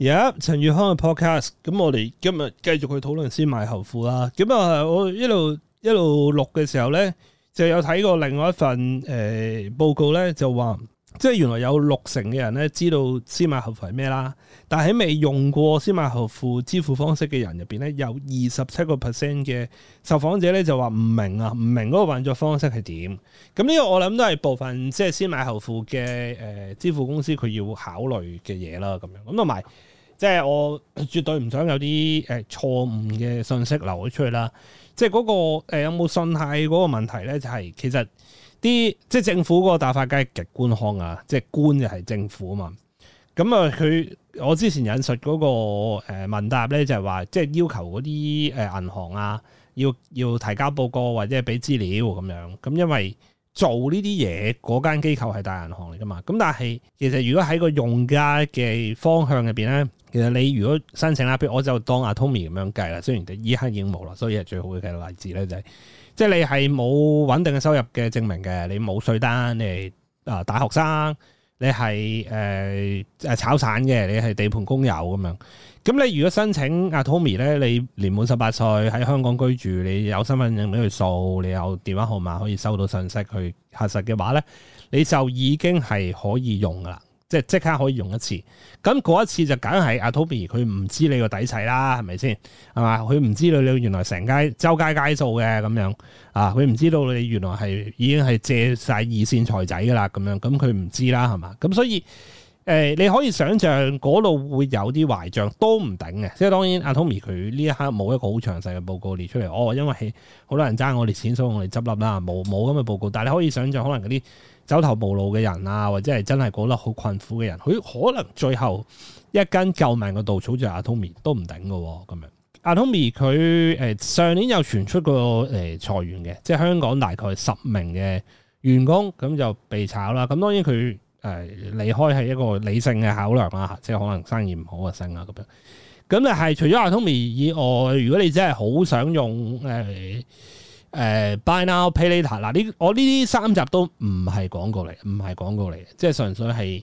而家、yeah, 陳月康嘅 podcast，咁我哋今日繼續去討論先買後付啦。咁啊，我一路一路錄嘅時候咧，就有睇過另外一份誒、呃、報告咧，就話。即係原來有六成嘅人咧，知道先買後付係咩啦，但係喺未用過先買後付支付方式嘅人入邊咧，有二十七個 percent 嘅受訪者咧就話唔明啊，唔明嗰個運作方式係點。咁、這、呢個我諗都係部分即係先買後付嘅誒支付公司佢要考慮嘅嘢啦，咁樣咁同埋即係我絕對唔想有啲誒、呃、錯誤嘅信息流咗出去啦。即係嗰、那個誒、呃、有冇信貸嗰個問題咧，就係、是、其實。啲即係政府嗰個打法係極官腔啊！即係官就係政府啊嘛。咁啊，佢我之前引述嗰個誒問答咧，就係、是、話即係要求嗰啲誒銀行啊，要要提交報告或者俾資料咁樣。咁因為做呢啲嘢嗰間機構係大銀行嚟噶嘛。咁但係其實如果喺個用家嘅方向入邊咧，其實你如果申請啦，譬如我就當 Atome 咁樣計啦。雖然啲依家已經冇啦，所以係最好嘅例子咧就係、是。即係你係冇穩定嘅收入嘅證明嘅，你冇稅單，你係啊大學生，你係誒誒炒散嘅，你係地盤工友咁樣。咁你如果申請阿 Tommy 咧，你年滿十八歲喺香港居住，你有身份證俾佢掃，你有電話號碼可以收到信息，去核實嘅話咧，你就已經係可以用噶啦。即係即刻可以用一次，咁嗰一次就梗係阿 Tommy 佢唔知你個底細啦，係咪先？係嘛，佢唔知道你原來成街周街街數嘅咁樣，啊，佢唔知道你原來係已經係借晒二線財仔噶啦咁樣，咁佢唔知啦，係嘛？咁所以，誒、呃，你可以想象嗰度會有啲壞賬都唔頂嘅。即係當然阿 Tommy 佢呢一刻冇一個好詳細嘅報告列出嚟，哦，因為好多人爭我哋錢，所以我哋執笠啦，冇冇咁嘅報告。但係你可以想象可能嗰啲。走投無路嘅人啊，或者係真係覺得好困苦嘅人，佢可能最後一根救命嘅稻草就係阿 Tommy，都唔頂嘅喎。咁樣，阿 Tommy 佢誒上年又傳出個誒、呃、裁員嘅，即係香港大概十名嘅員工咁就被炒啦。咁當然佢誒、呃、離開係一個理性嘅考量啊，即係可能生意唔好啊，剩啊咁樣。咁就係除咗阿 Tommy 以外，如果你真係好想用誒。呃誒、uh，buy now pay later 嗱、啊，呢我呢啲三集都唔係廣告嚟，唔係廣告嚟嘅，即係純粹係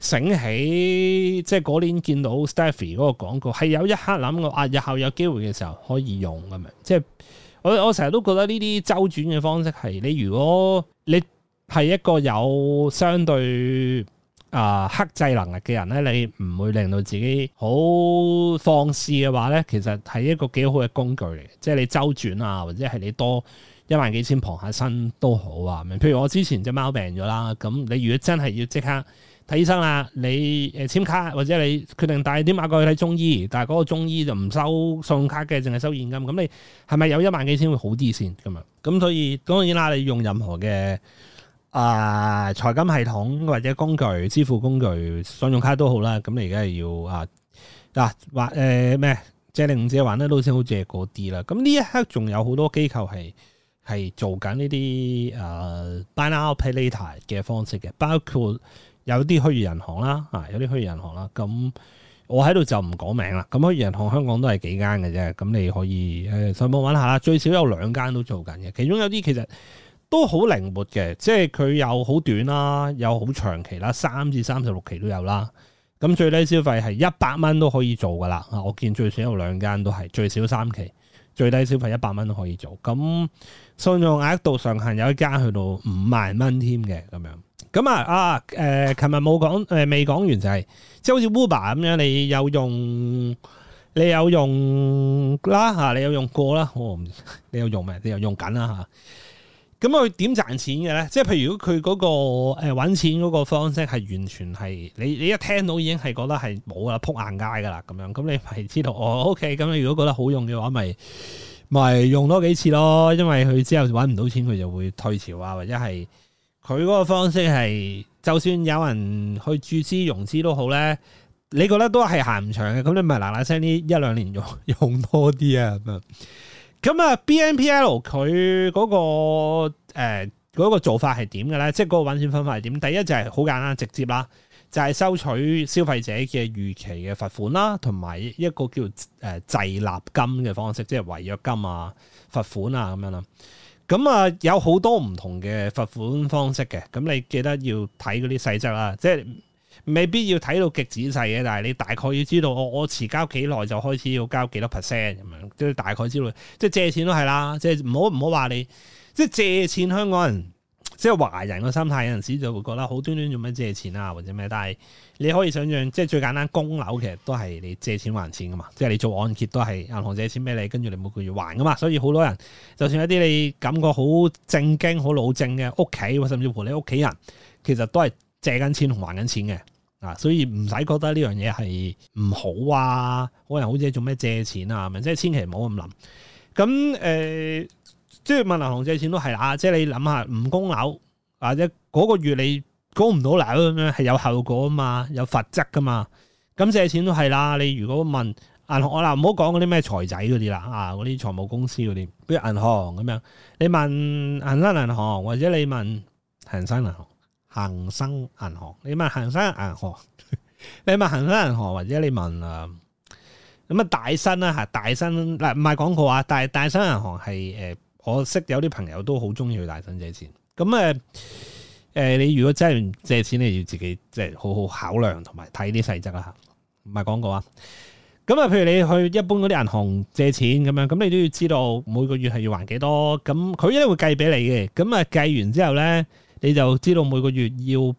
醒起，即係嗰年見到 Stephy 嗰個廣告，係有一刻諗過啊，日後有機會嘅時候可以用咁樣。即係我我成日都覺得呢啲周轉嘅方式係你如果你係一個有相對。啊、呃，克制能力嘅人咧，你唔會令到自己好放肆嘅話咧，其實係一個幾好嘅工具嚟，即係你周轉啊，或者係你多一萬幾千傍下身都好啊。譬如我之前隻貓病咗啦，咁你如果真係要即刻睇醫生啦，你誒、呃、簽卡或者你決定帶啲馬過去睇中醫，但係嗰個中醫就唔收信用卡嘅，淨係收現金，咁你係咪有一萬幾千會好啲先咁啊？咁所以當然啦，你用任何嘅。啊，財金系統或者工具、支付工具、信用卡好、啊啊啊呃、都好啦。咁你而家係要啊嗱，或誒咩借定唔借，還得到先好借嗰啲啦。咁呢一刻仲有好多機構係係做緊呢啲啊 Buy Now Pay Later 嘅方式嘅，包括有啲虛擬銀行啦，啊有啲虛擬銀行啦。咁我喺度就唔講名啦。咁虛擬銀行香港都係幾間嘅啫。咁你可以誒、哎、上網揾下，最少有兩間都做緊嘅。其中有啲其實。都好靈活嘅，即係佢有好短啦，有好長期啦，三至三十六期都有啦。咁最低消費係一百蚊都可以做噶啦。我見最少有兩間都係最少三期，最低消費一百蚊都可以做。咁信用額度上限有一間去到五萬蚊添嘅咁樣。咁啊啊誒，琴日冇講誒，未講、呃、完就係、是、即係好似 Uber 咁樣，你有用你有用啦嚇，你有用過啦，我、哦、唔你有用咩？你又用緊啦、啊、嚇。咁佢點賺錢嘅咧？即係譬如果佢嗰個誒搵錢嗰個方式係完全係你你一聽到已經係覺得係冇啦扑硬街噶啦咁樣，咁你咪知道哦。O K，咁你如果覺得好用嘅話，咪咪用多幾次咯。因為佢之後搵唔到錢，佢就會退潮啊，或者係佢嗰個方式係就算有人去注資融資都好咧，你覺得都係行唔長嘅。咁你咪嗱嗱聲呢，一兩年用用多啲啊咁樣。咁啊 B N P L 佢嗰個。誒嗰個做法係點嘅咧？即係嗰個揾錢方法係點？第一就係好簡單直接啦，就係收取消費者嘅預期嘅罰款啦，同埋一個叫誒滯納金嘅方式，即係違約金啊、罰款啊咁樣啦。咁啊有好多唔同嘅罰款方式嘅，咁你記得要睇嗰啲細則啦，即係。未必要睇到極仔細嘅，但係你大概要知道我，我我遲交幾耐就開始要交幾多 percent 咁樣，即係大概知道。即係借錢都係啦，即係唔好唔好話你，即係借錢香港人，即係華人嘅心態有陣時就會覺得好端端做咩借錢啊或者咩？但係你可以想象，即係最簡單供樓其實都係你借錢還錢噶嘛，即係你做按揭都係銀行借錢俾你，跟住你每個月還噶嘛。所以好多人，就算一啲你感覺好正經、好老正嘅屋企，甚至乎你屋企人，其實都係。借緊錢同還緊錢嘅，啊，所以唔使覺得呢樣嘢係唔好啊，嗰人好似做咩借錢啊？咪即係千祈唔好咁諗。咁誒，即、呃、係、就是、問銀行借錢都係啦。即、就、係、是、你諗下唔供樓或者嗰個月你供唔到樓咁樣，係有後果啊嘛，有罰則噶嘛。咁借錢都係啦。你如果問銀行我嗱，唔好講嗰啲咩財仔嗰啲啦，啊，嗰啲財務公司嗰啲，比如銀行咁樣，你問恒生銀行，銀行或者你問恒生銀行。恒生銀行，你問恒生銀行， 你問恒生銀行或者你問誒，咁、呃、啊大新啦吓，大新嗱唔係廣告啊，大、呃、大新銀行係誒、呃，我識有啲朋友都好中意去大新借錢，咁誒誒，你如果真係借錢，你要自己即係好好考量同埋睇啲細則啊吓，唔係廣告啊，咁、嗯、啊、嗯，譬如你去一般嗰啲銀行借錢咁樣，咁你都要知道每個月係要還幾多，咁佢一定會計俾你嘅，咁啊計完之後咧。你就知道每個月要誒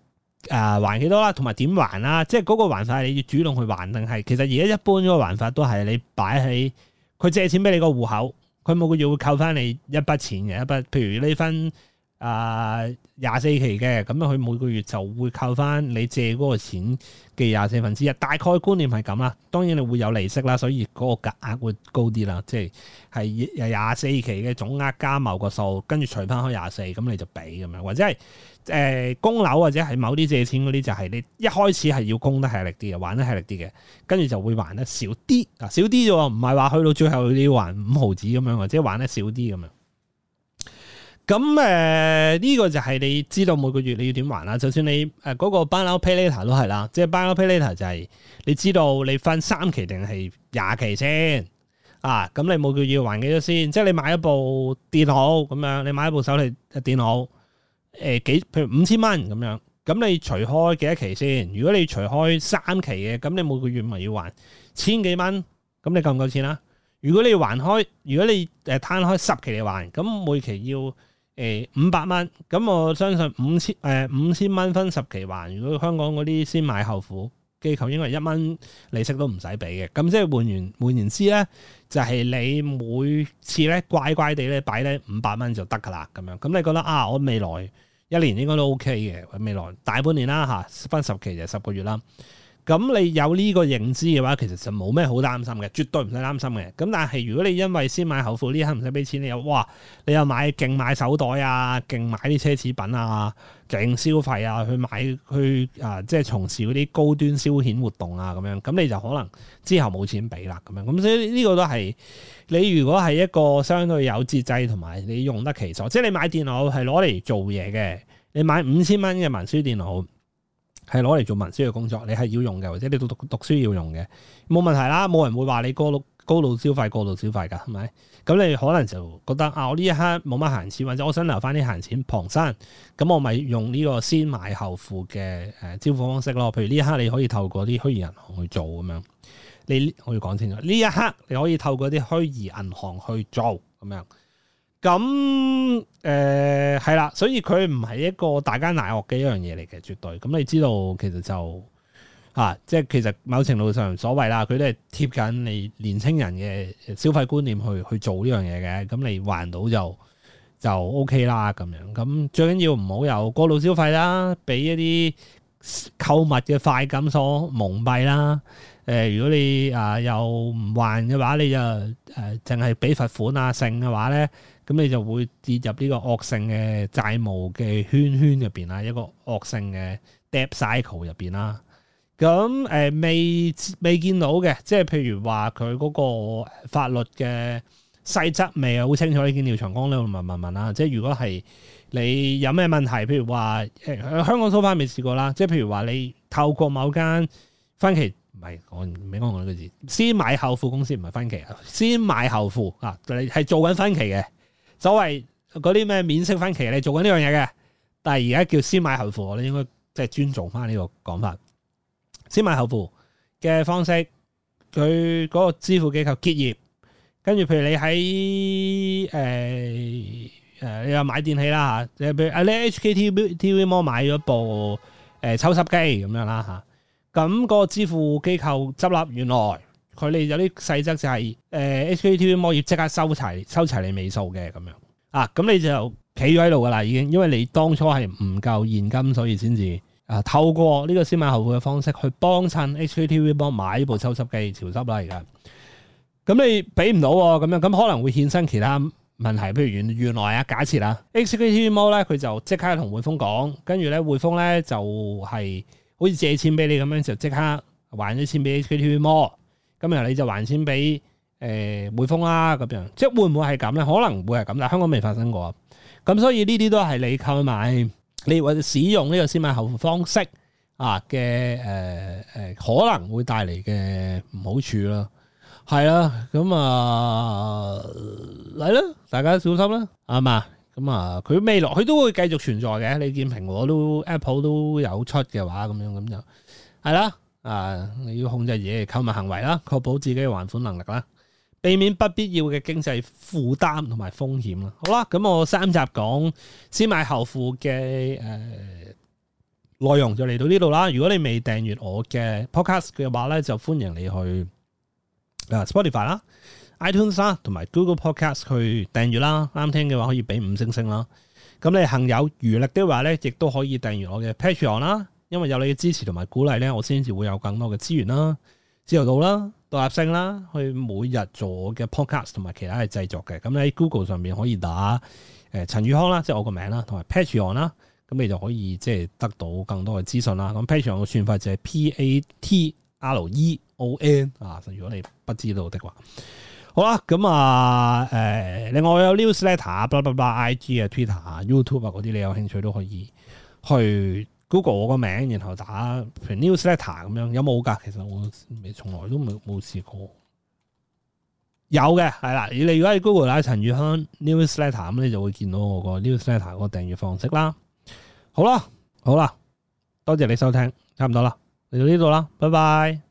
還幾多啦，同埋點還啦，即係嗰個還法你要主動去還，定係其實而家一般嗰個還法都係你擺喺佢借錢俾你個戶口，佢每個月會扣返你一筆錢嘅一筆，譬如呢分。啊，廿四、呃、期嘅咁啊，佢每個月就會扣翻你借嗰個錢嘅廿四分之一，大概觀念係咁啦。當然你會有利息啦，所以嗰個價額會高啲啦。即係係廿四期嘅總額加某個數，跟住除翻開廿四，咁你就俾咁樣，或者係誒、呃、供樓或者喺某啲借錢嗰啲就係你一開始係要供得食力啲嘅，還得食力啲嘅，跟住就會還得少啲啊，少啲啫喎，唔係話去到最後你要還五毫子咁樣或者係還得少啲咁樣。咁誒呢個就係你知道每個月你要點還啦，就算你誒嗰、呃那個 b a l paylater 都係啦，即係 b a l paylater 就係你知道你分三期定係廿期先啊，咁你每個月要還幾多先？即係你買一部電腦咁樣，你買一部手提電腦誒、呃、幾？譬如五千蚊咁樣，咁你除開幾多期先？如果你除開三期嘅，咁你每個月咪要還千幾蚊？咁你夠唔夠錢啦？如果你還開，如果你誒攤、呃、開十期嚟還，咁每期要？誒五百蚊，咁我相信五千誒五千蚊分十期還。如果香港嗰啲先買後付，機構應該係一蚊利息都唔使俾嘅。咁即係換完換言之咧，就係你每次咧乖乖地咧擺咧五百蚊就得㗎啦。咁樣咁你覺得啊，我未來一年應該都 OK 嘅。未來大半年啦嚇，分十期就十個月啦。咁你有呢個認知嘅話，其實就冇咩好擔心嘅，絕對唔使擔心嘅。咁但係如果你因為先買後付呢一刻唔使俾錢，你又哇！你又買勁買手袋啊，勁買啲奢侈品啊，勁消費啊，去買去啊，即係從事嗰啲高端消遣活動啊，咁樣咁你就可能之後冇錢俾啦，咁樣咁所以呢個都係你如果係一個相對有節制同埋你用得其所，即係你買電腦係攞嚟做嘢嘅，你買五千蚊嘅文書電腦。係攞嚟做文書嘅工作，你係要用嘅，或者你讀讀讀書要用嘅，冇問題啦。冇人會話你高度消費、過度消費噶，係咪？咁你可能就覺得啊，我呢一刻冇乜閒錢，或者我想留翻啲閒錢傍身，咁我咪用呢個先買後付嘅誒支付方式咯。譬如呢一刻你可以透過啲虛擬銀行去做咁樣，你我要講清楚，呢一刻你可以透過啲虛擬銀行去做咁樣。咁誒係啦，所以佢唔係一個大奸大惡嘅一樣嘢嚟嘅，絕對。咁、嗯、你知道其實就嚇、啊，即係其實某程度上所謂啦，佢都係貼緊你年輕人嘅消費觀念去去做呢樣嘢嘅。咁、嗯、你還到就就 O、OK、K 啦，咁樣。咁、嗯、最緊要唔好有過度消費啦，俾一啲購物嘅快感所蒙蔽啦。誒、呃，如果你啊、呃、又唔還嘅話，你就誒淨係俾罰款啊剩嘅話咧。咁你就會跌入呢個惡性嘅債務嘅圈圈入邊啦，一個惡性嘅 debt cycle 入邊啦。咁誒、呃、未未見到嘅，即係譬如話佢嗰個法律嘅細則未好清楚，呢件廖長江，你問問問啦。即係如果係你有咩問題，譬如話誒、呃、香港 so far 未試過啦。即係譬如話你透過某間分期唔係我唔記得呢嗰字，先買後付公司唔係分期，先買後付啊，你係做緊分期嘅。所謂嗰啲咩免息分期你做緊呢樣嘢嘅，但係而家叫先買後付，我哋應該即係尊重翻呢個講法。先買後付嘅方式，佢嗰個支付機構結業，跟住譬如你喺誒誒你又買電器啦嚇，即譬如喺呢 HKTVmall 買咗部誒抽濕機咁樣啦嚇，咁個支付機構執笠原來。佢哋有啲細則就係、是，誒，HKTV 魔要即刻收齊收齊你尾數嘅咁樣啊。咁你就企咗喺度噶啦，已經，因為你當初係唔夠現金，所以先至啊，透過呢個先買後付嘅方式去幫襯 HKTV 幫買呢部抽濕機潮濕啦。而家咁你俾唔到咁樣，咁、啊、可能會衍生其他問題，譬如原原來啊，假設啊，HKTV 魔咧佢就即刻同匯豐講，跟住咧匯豐咧就係、是、好似借錢俾你咁樣，就即刻還咗錢俾 HKTV 魔。咁日你就還錢俾誒、呃、匯豐啦、啊，咁樣即係會唔會係咁咧？可能會係咁，但香港未發生過。咁所以呢啲都係你購買你或者使用呢個先買後付方式啊嘅誒誒，可能會帶嚟嘅唔好處咯。係啦、啊，咁啊嚟啦，大家小心啦，係嘛？咁啊，佢、呃、未來佢都會繼續存在嘅。你見蘋果都 Apple 都有出嘅話，咁樣咁就係啦。啊！你要控制自己嘅購物行為啦，確保自己嘅還款能力啦，避免不必要嘅經濟負擔同埋風險啦。好啦，咁我三集講先買後付嘅誒內容就嚟到呢度啦。如果你未訂閱我嘅 podcast 嘅話咧，就歡迎你去啊 Spotify 啦、iTunes 啦同埋 Google Podcast 去訂閱啦。啱聽嘅話可以俾五星星啦。咁你行有餘力的話咧，亦都可以訂閱我嘅 Patreon 啦。因為有你嘅支持同埋鼓勵咧，我先至會有更多嘅資源啦、自由度啦、獨立性啦，去每日做嘅 podcast 同埋其他嘅製作嘅。咁喺 Google 上面可以打誒陳、呃、宇康啦，即係我個名啦，同埋 Patreon 啦，咁你就可以即係得到更多嘅資訊啦。咁 Patreon 嘅算法就係 P-A-T-R-E-O-N 啊，如果你不知道的話，好啦，咁啊誒、呃，另外有 news letter，blah blah blah IG 啊、Twitter、YouTube 啊嗰啲，你有興趣都可以去。Google 我個名，然後打譬如 newsletter 咁樣有冇㗎？其實我未從來都冇冇試過。有嘅係啦，你如果喺 Google 打、啊、陳宇軒 newsletter 咁，News letter，你就會見到我個 newsletter 個訂閱方式啦。好啦，好啦，多謝你收聽，差唔多啦，嚟到呢度啦，拜拜。